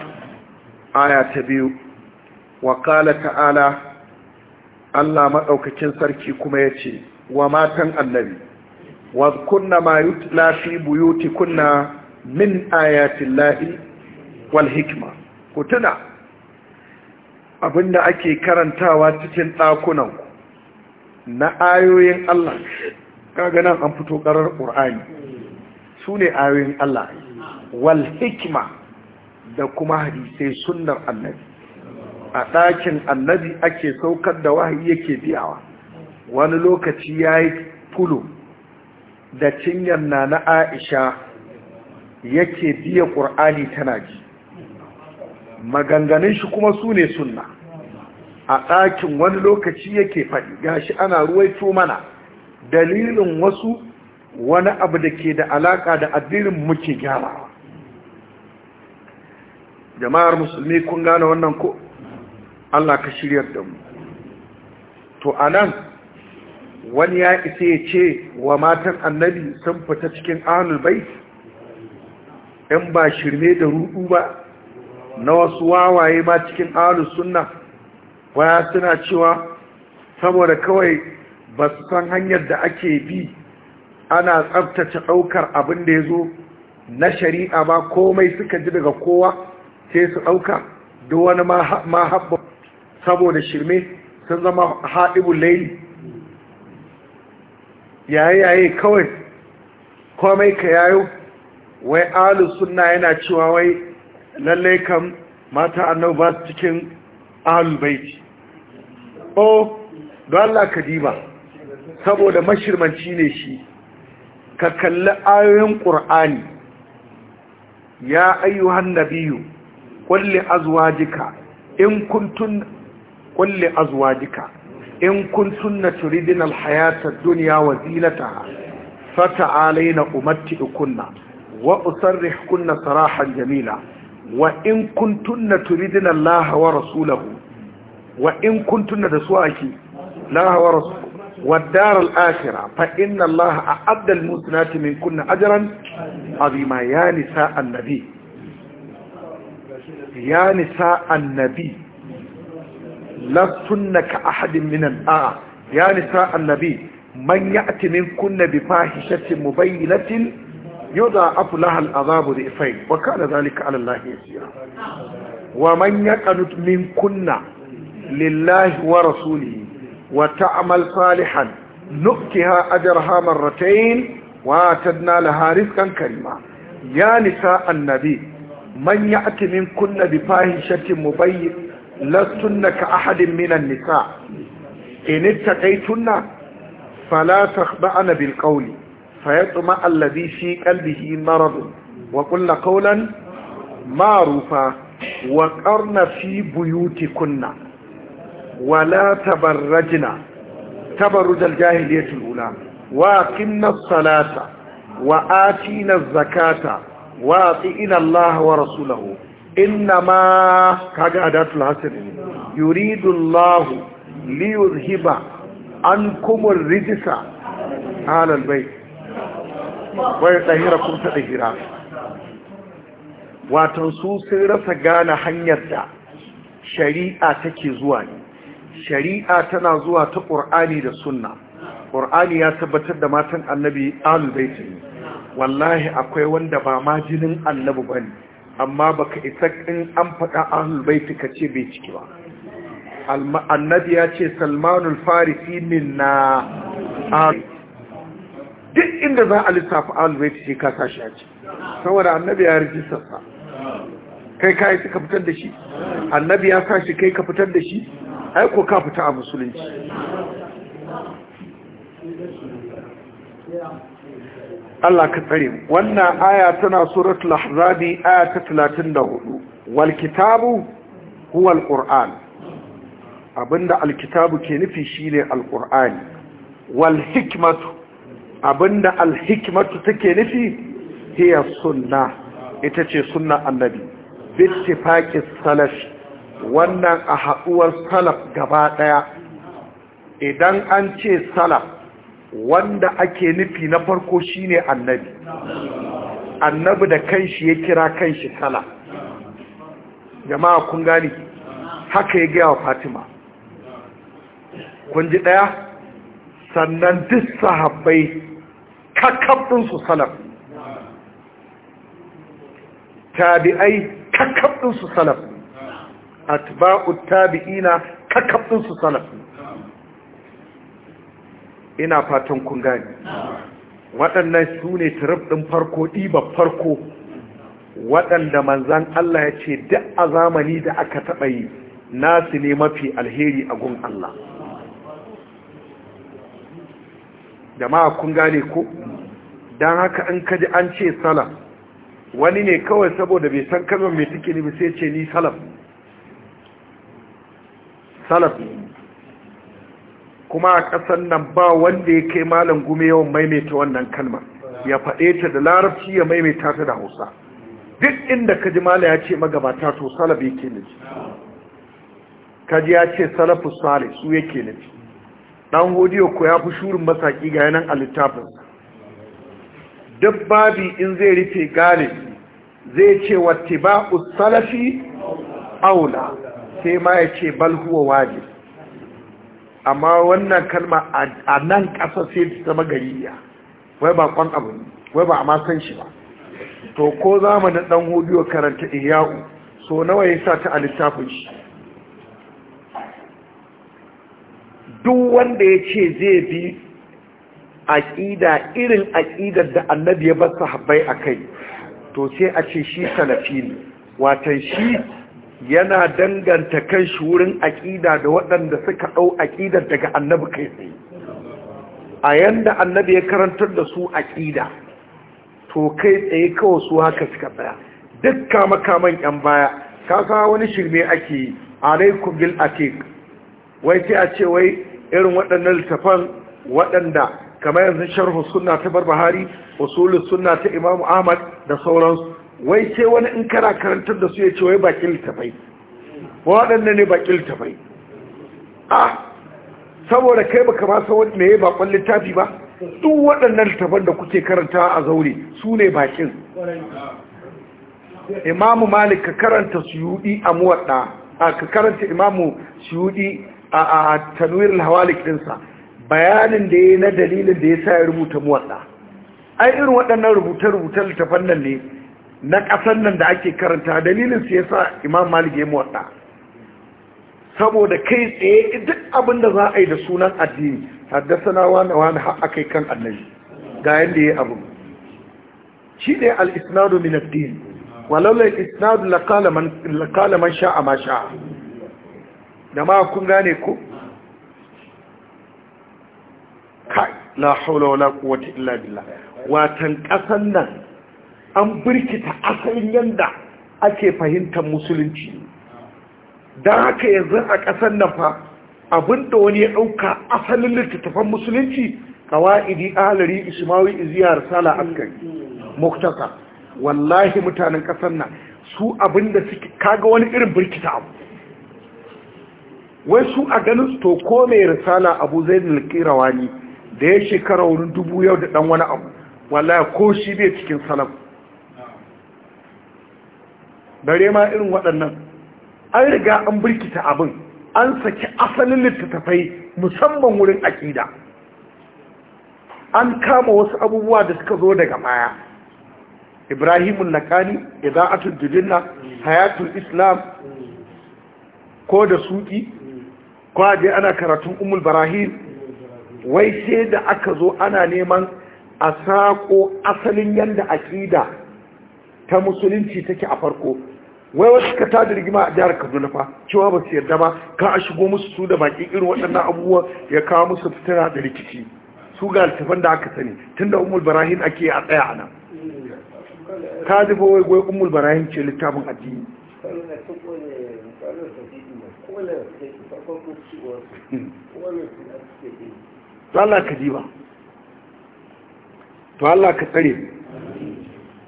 aya ta biyu wa ta'ala Allah maɗaukakin sarki kuma ya ce wa matan annabi wa kunna ma yutla buyuti kunna min ayatin lahi wal hikima, ku tuna abinda ake karantawa cikin ɗakunanku na ayoyin Allah kaga nan an fito ƙarar ƙur'ani su ne ayoyin Allah wal hikima, da kuma hadisai sunnar annabi a ɗakin annabi ake saukar da wahayi yake biyawa wani lokaci ya yi fulu da cinyar na na aisha yake biya ƙur'ani tana ji maganganun shi kuma su ne sunna a ɗakin wani lokaci yake faɗi gashi ana ruwaito mana dalilin wasu wani abu da ke da alaƙa da addinin muke gyarawa jama'ar musulmi kun gane wannan ko Allah ka shiryar da mu to anan wani ya isa ya ce wa matan annabi sun fita cikin ahlul bait in ba shirme da rudu ba na wasu wawaye ma cikin ahlus sunna waya suna cewa saboda kawai ba su san hanyar da ake bi ana tsabtace ɗaukar abin da ya zo na shari'a ba komai suka ji daga kowa sai su ɗauka duk wani mahabba saboda shirme sun zama haɗibun laili yaye-yaye kawai komai ka yayo wai alu suna yana cewa wai lallai kam mata annabu ba cikin alu baiti o don Allah ka diba saboda mashirmanci ne shi ka kalli ayoyin ƙur'ani ya ayyuhan nabiyu kulli jika, in kuntun قل لأزواجك إن كنتن تريدن الحياة الدنيا وزينتها فتعالين أمتئكن وأصرحكن صراحا جميلا وإن كنتن تريدن الله ورسوله وإن كنتن تسوأك الله ورسوله والدار الآخرة فإن الله أعد المسنات من كن أجرا عظيما يا نساء النبي يا نساء النبي lastunna ka ahadin minan a'a ya nisa annabi man ya'ti min kunna bi fahishatin mubayyinatin yudha'afu azabu da dhifayn wa ka kana dhalika alallahi ya siya. wa man yaqanut min kunna lillahi wa rasulihi wa ta'mal salihan نؤتها أجرها مرتين واتدنا لها رزقا كريما يا نساء النبي من يأتي من كن بفاهشة مبين لستن كأحد من النساء إن اتقيتن فلا تخبأن بالقول فيطمع الذي في قلبه مرض وقلن قولا معروفا وقرن في بيوتكن ولا تبرجن تبرج الجاهلية الأولى واقمنا الصلاة وآتينا الزكاة واطئنا الله ورسوله inna ma kaga adatul hasr yuridu Allah li yuzhiba ankum ar-rijsa ala al-bayt wa ta tadhira wato su sun rasa gane hanyar da shari'a take zuwa ne shari'a tana zuwa ta ƙur'ani da sunna ƙur'ani ya tabbatar da matan annabi alubaiti wallahi akwai wanda ba ma jinin annabi ba ne amma baka isa in an faɗa ahlul baiti ka ce bai ciki ba annabi ya ce salmanul farisi minna duk inda za a lissafa ahlul baiti ce ka sa shi a ce saboda annabi ya rijistar sa kai kai ka fitar da shi annabi ya sa shi kai ka fitar da shi ai ko ka fita a musulunci Allah ka tsare wannan aya tana suratul ahzabi aya ta 34 wal kitabu huwa alquran abinda alkitabu ke nufi shine alqur'ani wal hikmatu abinda alhikmatu take nufi hiya sunna ita ce sunna annabi bittifaqis salaf wannan a haduwar salaf gaba daya idan an ce salaf wanda ake nufi na farko shine annabi annabi da kanshi ya kira kanshi kala jama'a kun gani haka ya gaya wa fatima kun ji ɗaya sannan duk sahabbai kakabinsu salaf tabi'ai kakabinsu salaf atba'u tabi'ina kakabinsu salaf ina fatan kun gani waɗannan su ne ɗin farko ɗiba farko waɗanda manzan Allah ya ce duk a zamani da aka taɓa yi nasu ne mafi alheri a gun Allah Da ma kun gane ko don haka in kaji an ce Salam. wani ne kawai saboda bai san kalmar mai take ne sai ce ni Salam. Salam. kuma a ƙasar nan ba wanda ya kai malam gume yawan maimaita wannan kalmar ya faɗe ta da larabci ya maimaita ta da hausa duk inda kaji mala ya ce magabata to salaf yake nufi kaji ya ce salafu salaf su yake nufi ɗan hodiyo ko ya fi shurin masaki ga yanan a littafin duk babi in zai rufe gane zai ce ba'u salafi aula sai ma ya ce balhuwa huwa amma wannan kalma a nan ƙasa sai ta zama gariya wai ba kwan abu ne wai ba a ma san shi ba to ko zamanin dan hudiyo karanta ihya'u so nawa ya sa ta a littafin shi duk wanda ya ce zai bi aƙida irin aƙidar da annabi ya bar sahabbai a kai to sai a ce shi salafi ne watan shi yana danganta kan shi wurin aƙida da waɗanda suka ɗau aƙidar daga annabi kai tsaye a yanda annabi ya karantar da su aƙida to kai tsaye kawai su haka suka tsaya duk kama-kaman yan baya ka wani shirme ake alaikum bil atik wai sai a ce wai irin waɗannan littafan waɗanda kamar yanzu sharhu sunna ta barbahari usulul sunna ta imamu ahmad da sauransu wai sai wani in kara karantar da su ya ce wai bakin littafai waɗanda ne bakin littafai a saboda kai baka ma san wani ne bakon littafi ba duk waɗannan littafan da kuke karanta a zaure su ne bakin imamu malik ka karanta yudi a muwadda ka karanta imamu yudi a tanwir alhawalik dinsa bayanin da ya na dalilin da ya sa ya rubuta muwadda ai irin waɗannan rubuta rubuce littafan nan ne na ƙasar nan da ake karanta dalilin su sa imam malik ya muwadda saboda kai tsaye duk abin da za a yi da sunan addini haddasa wani wani haka kan annabi ga yadda ya yi abu shi ne al-isnadu min ad-din walau isnadu lakalaman man sha'a ma sha'a ma kun gane ku kai la hawla wala quwwata illa billah watan kasan nan an birkita asalin yanda ake fahimtar musulunci don haka yanzu a ƙasar nan fa abinda wani ya ɗauka asalin littattafan musulunci kawa'idi alari ismawi iziyar sala askari muktaka wallahi mutanen ƙasar nan su abinda suke kaga wani irin birkita abu wai su a ganin to ko mai risala abu zai nilkirawa ne da ya shekara wurin dubu yau da ɗan wani abu wallahi ko shi bai cikin salafu Dare ma irin waɗannan an riga an birkita abin an saki asalin littattafai musamman wurin aƙida an kama wasu abubuwa da suka zo daga baya ibrahimun nakani ida'atul na? hayatul islam ko da suki ko dai ana karatun umul barahim wai sai da aka zo ana neman a saƙo asalin yanda aƙida ta musulunci take a farko wai wasu ka da rigima a jihar kaduna fa cewa ba su yarda ba Ka a shigo musu su da baki irin waɗannan abubuwa ya kawo musu fitina da rikici su ga littafan da aka sani tun da umul barahin ake a tsaya a nan ta zuba wai gwai umul barahin ce littafin addini Allah ka ji ba to Allah ka tsare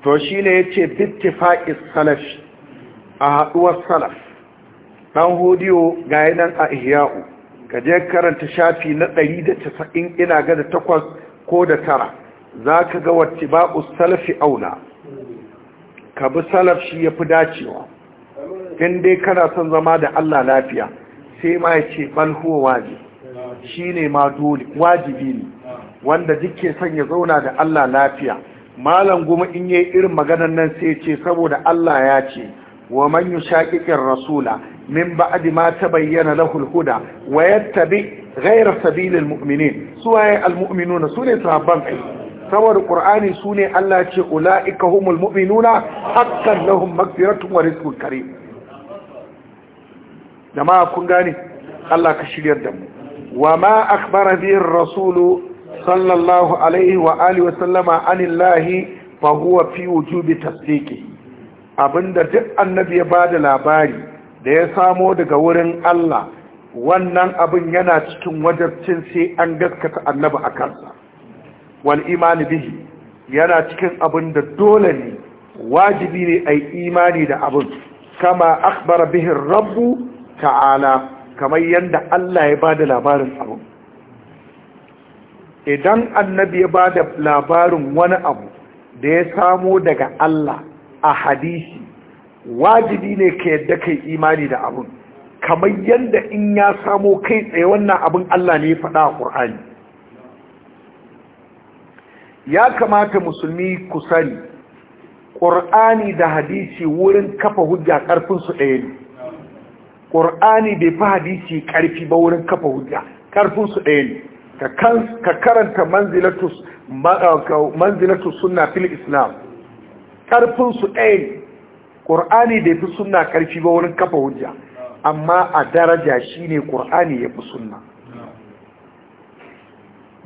to shi ne ya ce Bitti fa'is salafi a haɗuwar salaf ɗan hodiyo ga yanan a ihya'u ka je karanta shafi na 190 ina ga da 8 ko da 9 ka ga wacce ba salafi auna. ka bi salaf shi yafi dacewa in dai kana son zama da Allah lafiya sai ma ya ce huwa wajib shine ma dole wajibi ne wanda dukke son ya zauna da Allah lafiya malam goma in yi irin maganar nan sai ce saboda Allah ya ce ومن يشاكك الرسول من بعد ما تبين له الهدى ويتبع غير سبيل المؤمنين سواء المؤمنون سنة صحابان سواء القرآن سنة الله أولئك هم المؤمنون حقا لهم مغفرة ورزق كريم جماعة كنغاني الله كشير دم وما أخبر به الرسول صلى الله عليه وآله وسلم عن الله فهو في وجوب تصديقه abinda duk annabi ya ba da labari da ya samo daga wurin Allah wannan abin yana cikin wajabcin sai an gaskata annabi a kansa wal imani bihi yana cikin abin da dole ne wajibi ne a imani da abin kama akbar bihin rabbu ta'ala kamar yadda Allah ya ba labarin abin idan annabi ya ba da labarin wani abu da ya samo daga Allah a hadisi wajibi ne ka yadda kai imani da abun kamar yadda in ya samo kai tsaye wannan abin Allah ne ya faɗa a ƙur'ani ya kamata musulmi ku sani ƙur'ani da hadisi wurin kafa hujja ƙarfinsu ɗaya ne ƙur'ani bai fi hadisi ƙarfi ba wurin kafa hujja ƙarfinsu ɗaya ne ka karanta manzilatus suna fil islam ƙarfin su ɗaya ƙur'ani ya fi sunna ƙarfi ba wani kafa hujja amma a daraja shi ne ƙur'ani ya fi sunna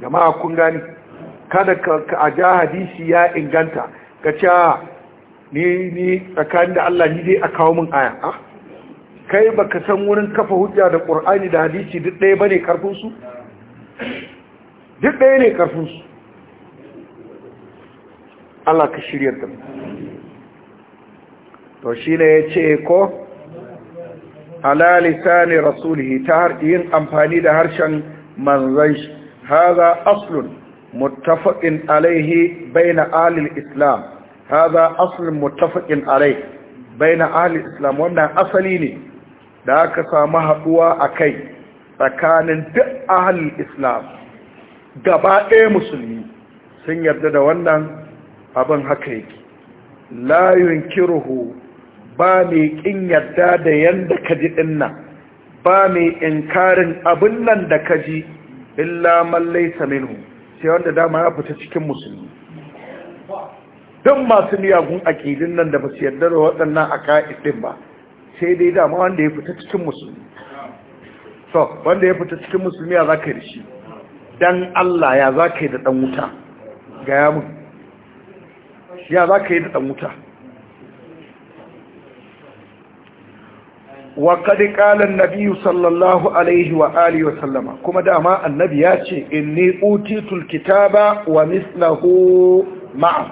jama'a kun gani kada ka a ja hadisi ya inganta ka ce ah, ni ni tsakanin da Allah ni dai a kawo min aya ah kai ka san wurin kafa hujja da ƙur'ani da hadisi duk ɗaya ba karfin su duk ɗaya ne karfin su Allah ka shirya ta to shi ne ya ce ko alalisa ne rasulihi ta yin amfani da harshen manzan shi haza aslun muttafaƙin alaihi na alil islam haza aslun muttafaƙin alaihi baina alil islam wannan asali ne da aka samu haɗuwa a kai tsakanin duk ahalin islam gaba ɗaya musulmi sun yarda da wannan abin haka yake layun kiruhu ba mai kin yadda da yanda ka ji dinna ba mai inkarin abin nan da ka ji illa mallai saminu sai wanda dama ya fita cikin musulmi don masu miyagun akidin nan da ba su yarda da waɗannan a ka'idin ba sai dai dama wanda ya fita cikin musulmi so wanda ya fita cikin musulmi ya za ka yi da shi don allah ya za ka yi da ɗan wuta ga yamun ya za ka yi da wuta wa kadi kalan nabiyu sallallahu alaihi wa alihi wa sallama kuma dama annabi ya ce inni utitul kitaba wa mislahu ma'a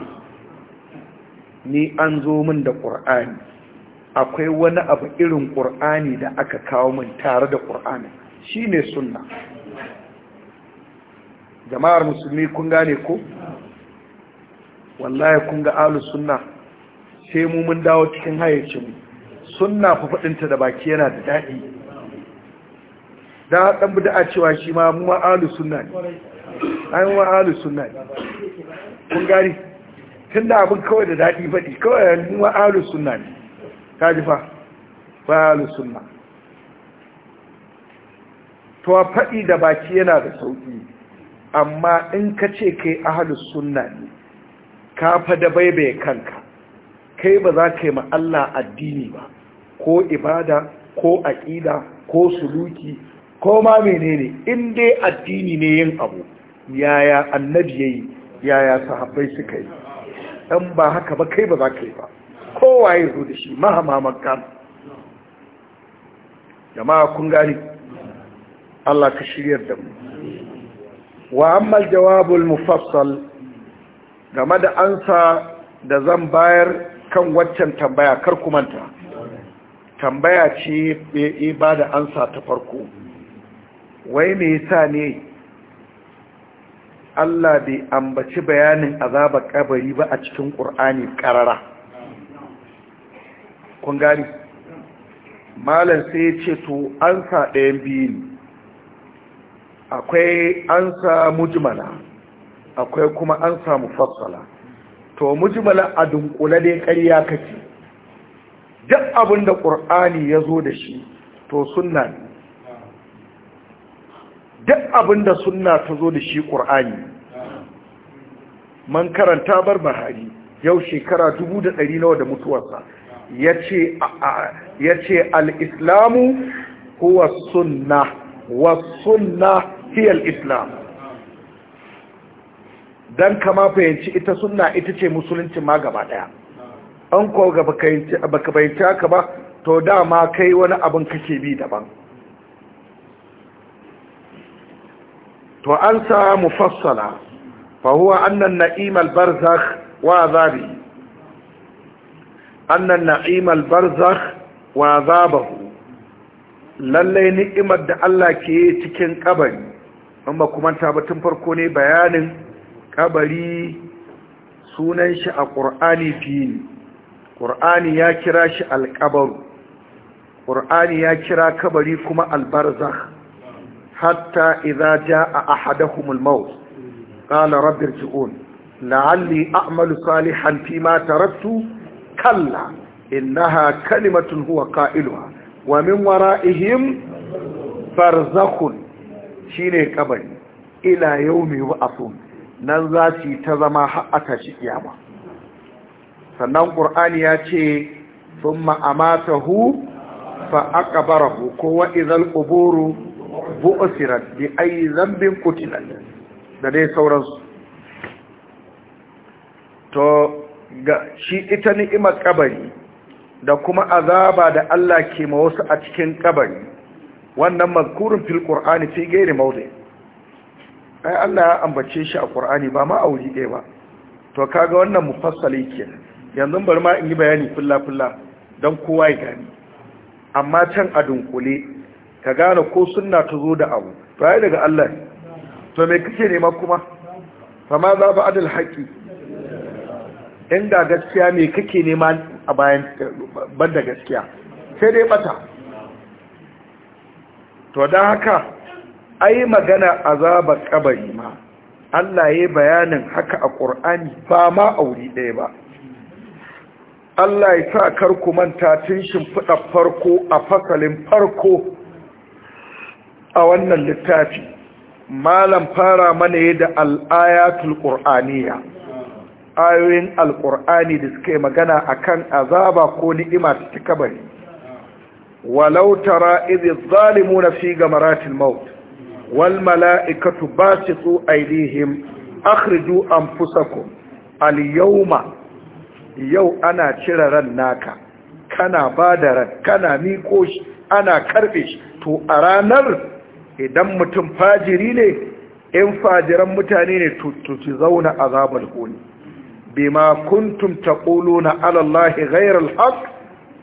ni an zo min da ƙur'ani akwai wani abu irin ƙur'ani da aka kawo min tare da ƙur'ani shi ne sunna jama'ar musulmi kun gane ko wallahi kun ga alu sunna sai mu mun dawo cikin hayyacin mu sunna fa fadinta da baki yana da dadi da dan a cewa shi ma mu alu sunna ne ai mu alu sunna ne kun gari tunda abin kawai da dadi faɗi, kawai mu alu sunna ne kaji fa fa alu sunna to faɗi da baki yana da sauƙi amma in ka ce kai ahalus sunna ne ka fa da baibaye kanka kai ba za ka yi ma Allah addini ba ko ibada ko aƙida ko suluki ko ma menene in dai addini ne yin abu yaya annabi yayi yaya sahabbai suka yi dan ba haka ba kai ba za ka yi ba kowa ya zo da shi mahamman kan jama'a kun gani Allah ka shiryar da mu wa amma jawabul mufassal game da ansa da zan bayar kan waccan tambaya kar ku manta tambaya ce ya ba da ansa ta farko wai me yasa ne Allah bai ambaci bayanin azabar kabari ba a cikin ƙur'ani ƙarara kun gani malam sai ya ce to ansa ɗayan biyu akwai ansa mujmala akwai kuma an samu fassala to mujmala adun kula dai ƙarya kace duk abin da ƙur'ani ya da shi to sunna ne duk abin da sunna ta zo da shi ƙur'ani man karanta bar bahari yau shekara dubu nawa da mutuwarsa yace al islamu huwa sunnah wa hiya al islam don kama fahimci ita sunna ita ce musulunci ma gaba daya an ko baka fahimci haka ba to dama kai wani abin kake bi daban to an samu fassala, fa huwa annan na'im al-barzakh wa azabi annan na'im al wa azabahu ni'imar da Allah ke cikin kabari amma kuma ta farko ne bayanin kabari sunan shi a ƙur'ani fili ƙur'ani ya kira shi alƙabaru ƙur'ani ya kira kabari kuma albarzakh hatta ja jaa ahaduhumul maut ƙala rabbi irji'un la'alli a'malu salihan ma taraktu kalla innaha kalimatun huwa kailuwa. wa min wara'ihim farzakun shine kabari ila mai wa'asun nan za su ta zama ha'aka shi kiyama sannan ƙur'ani ya ce sun ma'amata hu fa fa'aka barahu kowa izal ƙuburu bu'usirat bi ayi zambin kutilan da dai sauransu to ga shi ita ni'imar ƙabari, da kuma azaba da Allah ke ma wasu a cikin ƙabari. wannan mazkurin fil ƙur'ani fi gairi mawdi' ai Allah ya ambace shi a Qur'ani ba ma a ɗaya ba to kaga wannan mufassali ke yanzu bar ma in yi bayani fulla fulla dan kowa ya gani amma can a dunkule ka gane ko sunna ta zo da abu to ai daga Allah to me kake nema kuma fa ma za ba adal haqi inda gaskiya me kake nema a bayan banda gaskiya sai dai bata to dan haka ai magana azabar kabari ma Allah yayi bayanin haka a ƙur'ani ba ma auri ɗaya ba Allah ya sa karku manta tun shimfiɗa farko a fasalin farko a wannan littafi malam fara mana yadda da al'ayatul ƙur'aniya ayoyin alƙur'ani da suke magana akan azaba ko ni'ima ta kabari walau tara idh zalimuna fi gamaratil wal mala'ikatu basitu aydihim akhriju anfusakum al yawma yau ana cire ran naka kana bada ran kana miko shi ana karbe shi to a ranar idan mutum fajiri ne in fajiran mutane ne tutuci zauna azabar huni bima kuntum taquluna ala allahi ghayra alhaq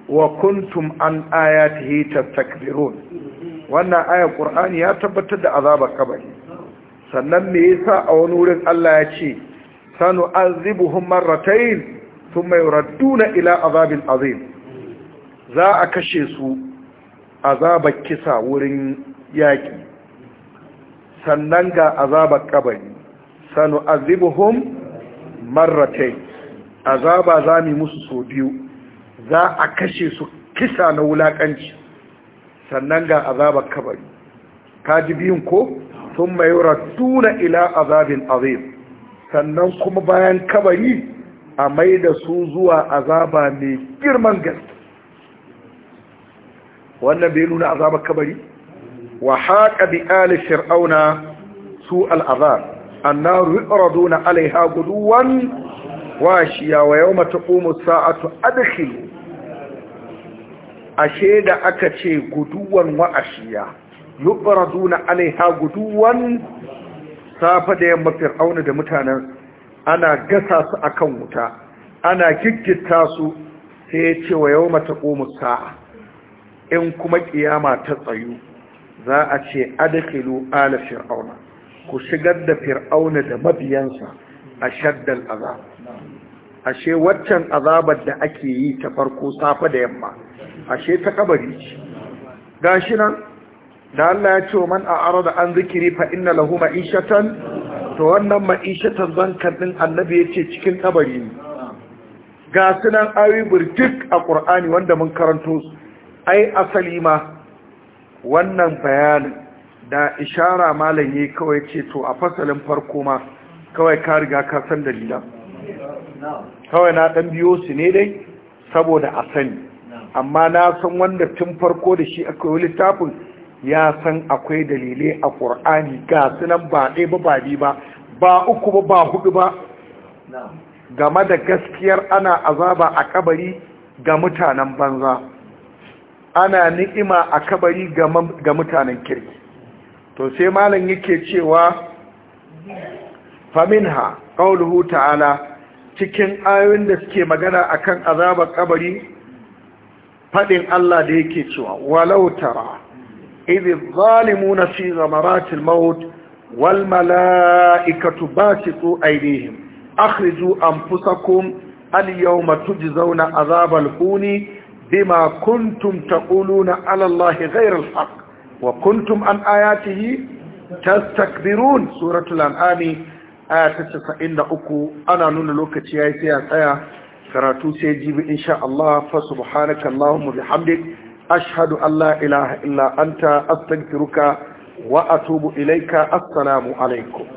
wa kuntum an ayatihi tastakbirun wannan ayar qur'ani ya tabbatar da azabar kabari sannan me yasa a wani wurin Allah ya ce sanu azibuhum marratayn thumma yuradduna ila azabin azim za a kashe su azabar kisa wurin yaki sannan ga azabar kabari sanu azibuhum marratayn azaba zami musu so biyu za a kashe su kisa na wulakanci sannan ga azabar kabari kaji biyun ko sun mai ratuna ila azabin azim sannan kuma bayan kabari a mai da su zuwa azaba mai girman gaske wannan bai nuna azabar kabari wa haƙa bi ali fir'auna su al'azab annaru yu'raduna alaiha guduwan washiya wa yawma taqumu sa'atu adkhil ashe da aka ce guduwan wa'ashiya yubraduna alaiha guduwan safa da yamma fir'auna da mutanen ana gasa su a kan wuta ana giggita su sai ya ce wa mata taqumu sa'a in kuma ƙiyama ta tsayu za a ce adkhilu ala fir'auna ku shigar da fir'auna da mabiyansa a ashaddal azab ashe waccan azabar da ake yi ta farko safa da yamma ashe ta kabari ce gashi nan da Allah ya ce man arada an zikiri fa inna lahu ma'ishatan to wannan ma'ishatan zan din annabi yace cikin kabari ne ga sunan ayi burtik a Qur'ani wanda mun karanto ai asali ma wannan bayanin da ishara malam yayi kawai ce to a fasalin farko ma kawai ka riga ka san dalilan kawai na ɗan biyo su ne dai saboda a sani amma na san wanda tun farko da shi aka yi littafin ya san akwai dalilai a ƙur'ani ga sunan ba ɗaya ba ba bi ba ba uku ba ba hudu ba game da gaskiyar ana azaba a kabari ga mutanen banza ana ni'ima a kabari ga mutanen kirki to sai malam yake cewa faminha ƙaunuhu ta'ala cikin ayoyin da suke magana akan azabar kabari fadin Allah da yake cewa walau tara idh zalimuna fi ghamaratil maut wal malaikatu basitu aydihim akhriju anfusakum al yawma tujzauna azabal huni bima kuntum taquluna ala Allah ghayra al haqq wa kuntum an ayatihi tastakbirun suratul an'am aya ta casa'in da uku ana nuna lokaci ya yi sai a tsaya karatu sai jibi insha Allah fa subhanaka Allahumma bihamdik ashhadu an la ilaha illa anta astaghfiruka wa atubu ilaika assalamu alaikum